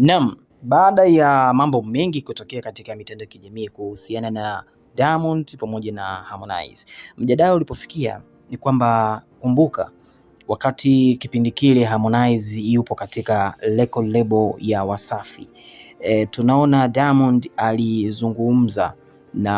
Naam, baada ya mambo mengi kutokea katika mitandao ya kijamii kuhusiana na Diamond pamoja na Harmonize, mjadala ulipofikia ni kwamba kumbuka, wakati kipindi kile Harmonize yupo katika record label ya Wasafi e, tunaona Diamond alizungumza na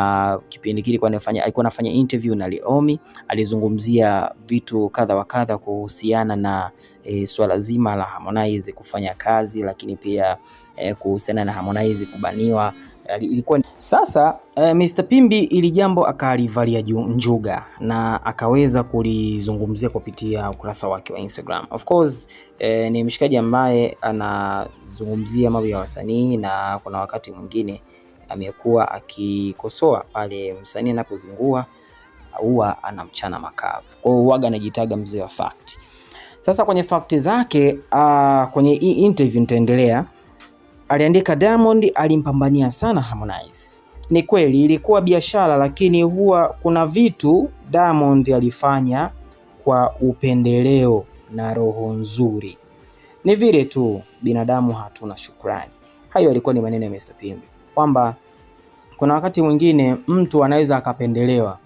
kipindi kile alikuwa anafanya interview na Leomi, alizungumzia vitu kadha wa kadha kuhusiana na e, swala zima la Harmonize kufanya kazi, lakini pia e, kuhusiana na Harmonize kubaniwa ilikuwa sasa. E, Mr. Pimbi ili jambo akalivalia njuga na akaweza kulizungumzia kupitia ukurasa wake wa Instagram. Of course e, ni mshikaji ambaye anazungumzia mambo ya wasanii na kuna wakati mwingine amekuwa akikosoa pale msanii anapozingua huwa anamchana makavu. Kwa hiyo huaga anajitaga mzee wa fact. Sasa kwenye fact zake uh, kwenye hii interview nitaendelea. Aliandika Diamond alimpambania sana Harmonize. Ni kweli ilikuwa biashara, lakini huwa kuna vitu Diamond alifanya kwa upendeleo na roho nzuri. Ni vile tu binadamu hatuna shukrani. Hayo alikuwa ni maneno ya Mr. Pimbi kwamba kuna wakati mwingine mtu anaweza akapendelewa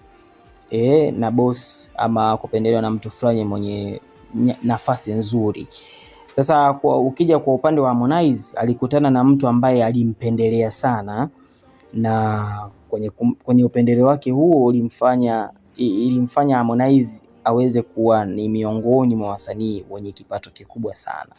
e, na boss ama kupendelewa na mtu fulani mwenye nafasi nzuri. Sasa kwa, ukija kwa upande wa Harmonize alikutana na mtu ambaye alimpendelea sana na kwenye, kwenye upendeleo wake huo ulimfanya ilimfanya Harmonize aweze kuwa ni miongoni mwa wasanii wenye kipato kikubwa sana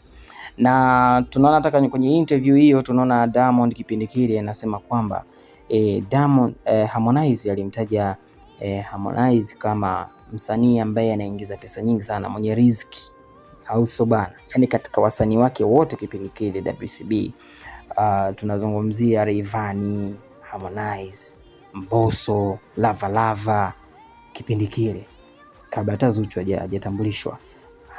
na tunaona hata kwenye interview hiyo tunaona Diamond kipindi kile anasema kwamba e, Diamond e, Harmonize alimtaja e, Harmonize kama msanii ambaye anaingiza pesa nyingi sana, mwenye riziki au sio bana? Yani katika wasanii wake wote kipindi kile WCB, uh, tunazungumzia Rayvanny, Harmonize, Mbosso, Lava Lava kipindi kile kabla hata Zuchu hajatambulishwa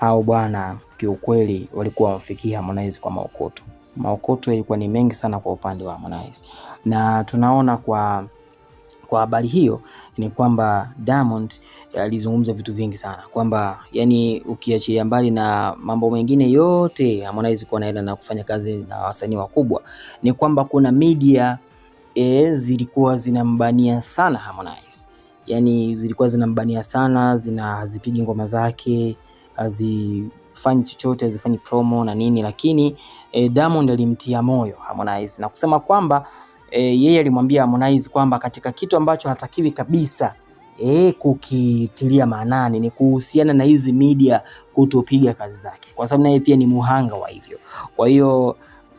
hao bwana kiukweli walikuwa wamfikia Harmonize kwa maokoto. Maokoto yalikuwa ni mengi sana kwa upande wa Harmonize, na tunaona kwa kwa habari hiyo ni kwamba Diamond alizungumza vitu vingi sana kwamba yani, ukiachilia mbali na mambo mengine yote Harmonize kuwa naenda na kufanya kazi na wasanii wakubwa, ni kwamba kuna media e, zilikuwa zinambania sana Harmonize, yani zilikuwa zinambania sana, zina hazipigi ngoma zake hazifanyi chochote, hazifanyi promo na nini, lakini e, Diamond alimtia moyo Harmonize na kusema kwamba e, yeye alimwambia Harmonize kwamba katika kitu ambacho hatakiwi kabisa E, kukitilia maanani ni kuhusiana na hizi media kutopiga kazi zake, kwa sababu naye pia ni muhanga wa hivyo. Kwa hiyo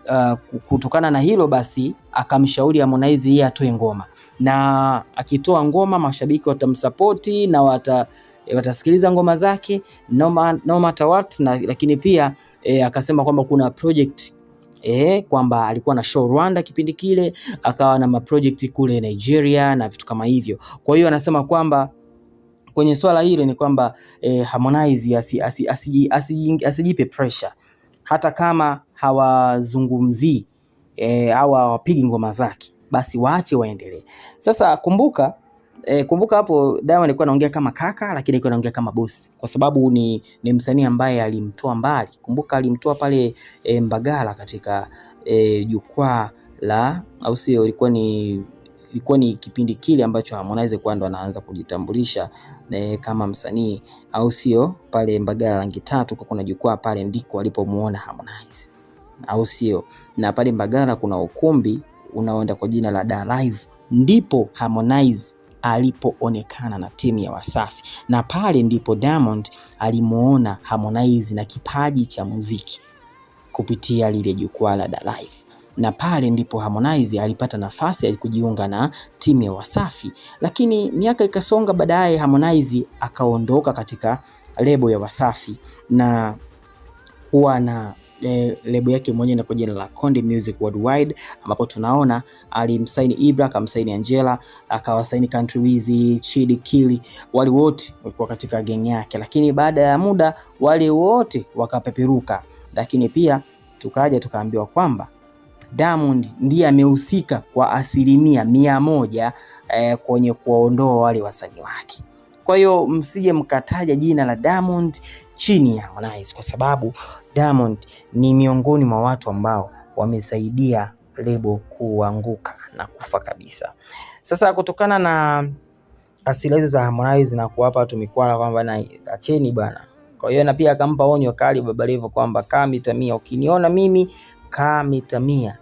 uh, kutokana na hilo basi akamshauri Harmonize yeye atoe ngoma, na akitoa ngoma mashabiki watamsapoti na wata Eh, watasikiliza ngoma zake no, matter what na, lakini pia e, akasema kwamba kuna project E, kwamba alikuwa na show Rwanda kipindi kile, akawa na maprojekti kule Nigeria na vitu kama hivyo. Kwa hiyo anasema kwamba kwenye swala hili ni kwamba e, Harmonize asi, asi, asi, asi, asi pressure hata kama hawazungumzii e, au hawapigi ngoma zake, basi waache waendelee. Sasa kumbuka E, kumbuka hapo Diamond alikuwa anaongea kama kaka lakini alikuwa anaongea kama bosi kwa sababu ni, ni msanii ambaye alimtoa mbali. Kumbuka alimtoa pale e, Mbagala katika eh, jukwaa e, la au sio, ilikuwa ni ilikuwa ni kipindi kile ambacho Harmonize kwa ndo anaanza kujitambulisha e, kama msanii au sio, pale Mbagala rangi tatu kwa kuna jukwaa pale ndiko alipomuona Harmonize au sio, na pale Mbagala kuna ukumbi unaoenda kwa jina la Da Live ndipo Harmonize alipoonekana na timu ya Wasafi, na pale ndipo Diamond alimuona Harmonize na kipaji cha muziki kupitia lile jukwaa la Da na pale ndipo Harmonize alipata nafasi ya kujiunga na timu ya Wasafi, lakini miaka ikasonga. Baadaye Harmonize akaondoka katika lebo ya Wasafi na kuwa na e, lebo yake mwenyewe na kwa jina la Konde Music Worldwide, ambapo tunaona alimsaini Ibra, akamsaini Angela, akawasaini Country Wiz, Chidi Kili, wale wote walikuwa katika geng yake, lakini baada ya muda wale wote wakapeperuka, lakini pia tukaja tukaambiwa kwamba Diamond ndiye amehusika kwa asilimia mia moja eh, kwenye kuwaondoa wale wasanii wake. Kwa hiyo msije mkataja jina la Diamond chini ya Harmonize kwa sababu Diamond ni miongoni mwa watu ambao wamesaidia lebo kuanguka na kufa kabisa. Sasa kutokana na asili hizo za Harmonize na kuwapa watu mikwala kwamba na acheni bwana. Kwa hiyo na pia akampa onyo kali Baba Levo kwamba kaa mitamia, ukiniona mimi kaa mitamia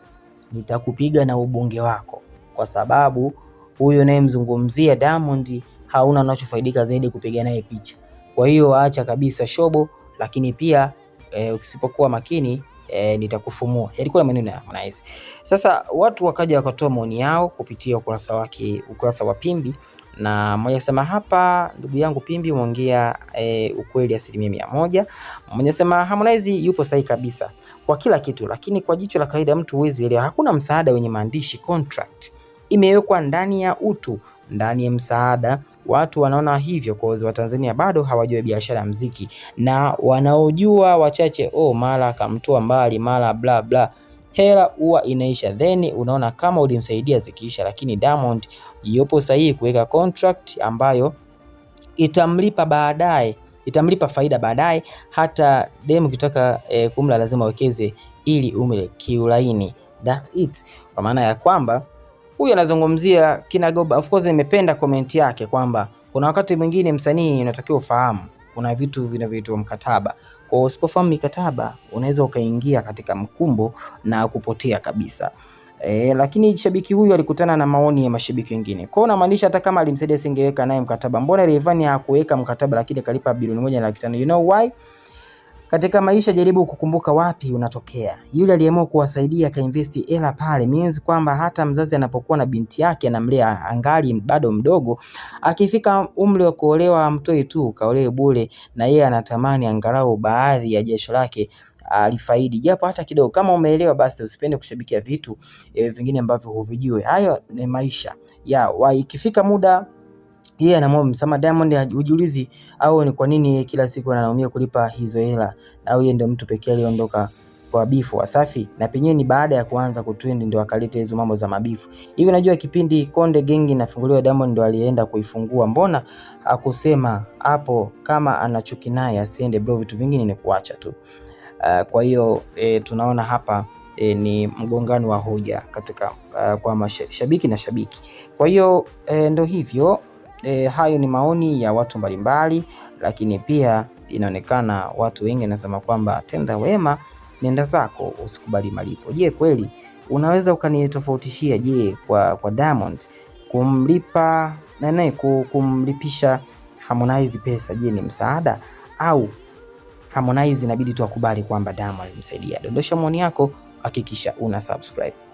nitakupiga na ubunge wako, kwa sababu huyo unayemzungumzia Diamond hauna unachofaidika zaidi kupiga naye picha. Kwa hiyo waacha kabisa shobo, lakini pia e, eh, ukisipokuwa makini e, nitakufumua. Yalikuwa maneno ya Harmonize. Sasa watu wakaja wakatoa maoni yao kupitia ukurasa wake, ukurasa wa Pimbi na mmoja sema hapa, ndugu yangu Pimbi umeongea e, ukweli asilimia mia moja. Mmoja sema Harmonize yupo sahihi kabisa kwa kila kitu, lakini kwa jicho la kawaida mtu huwezi elewa. Hakuna msaada wenye maandishi contract, imewekwa ndani ya utu, ndani ya msaada watu wanaona hivyo kwa wa Tanzania bado hawajua biashara ya mziki, na wanaojua wachache, oh, mara akamtoa mbali, mara bla bla hela huwa inaisha, then unaona kama ulimsaidia zikiisha. Lakini Diamond yupo sahihi kuweka contract ambayo itamlipa baadaye, itamlipa faida baadaye. Hata dem ukitaka e, kumla lazima wekeze ili umle kiulaini, that's it, kwa maana ya kwamba Huyu anazungumzia Kinagoba. Of course nimependa komenti yake kwamba kuna wakati mwingine msanii unatakiwa ufahamu kuna vitu vinavyoitwa mkataba. Kwa hiyo usipofahamu mikataba unaweza ukaingia katika mkumbo na kupotea kabisa. E, lakini shabiki huyu alikutana na maoni ya mashabiki wengine. Kwa hiyo namaanisha hata kama alimsaidia singeweka naye mkataba. Mbona Rayvanny hakuweka mkataba lakini akalipa bilioni moja na laki tano. You know why? Katika maisha jaribu kukumbuka wapi unatokea. Yule aliamua kuwasaidia akainvesti hela pale, means kwamba hata mzazi anapokuwa na binti yake anamlea angali bado mdogo, akifika umri wa kuolewa amtoi tu kaolewe bure, na yeye anatamani angalau baadhi ya jasho lake alifaidi japo hata kidogo. Kama umeelewa basi, usipende kushabikia vitu e, vingine ambavyo huvijui. Hayo ni maisha ya ikifika muda yeye anamwomba msamaha Diamond, hajiulizi au ni kwa nini kila siku anaumia kulipa hizo hela, au yeye ndio mtu pekee aliondoka kwa bifu Wasafi na penyewe ni baada ya kuanza kutrend ndio akaleta hizo mambo za mabifu hivi. Najua kipindi Konde Gengi inafunguliwa Diamond ndio alienda kuifungua, mbona akusema hapo kama ana chuki naye asiende bro, vitu vingine ni kuacha tu. Uh, kwa hiyo e, tunaona hapa e, ni mgongano wa hoja katika uh, kwa mashabiki na shabiki. Kwa hiyo e, ndo hivyo. E, hayo ni maoni ya watu mbalimbali, lakini pia inaonekana watu wengi wanasema kwamba tenda wema nenda zako, usikubali malipo. Je, kweli unaweza ukanitofautishia? Je, kwa, kwa Diamond kumlipa nane kumlipisha Harmonize pesa, je ni msaada au Harmonize inabidi tu akubali kwamba Diamond alimsaidia? Dondosha maoni yako, hakikisha una subscribe.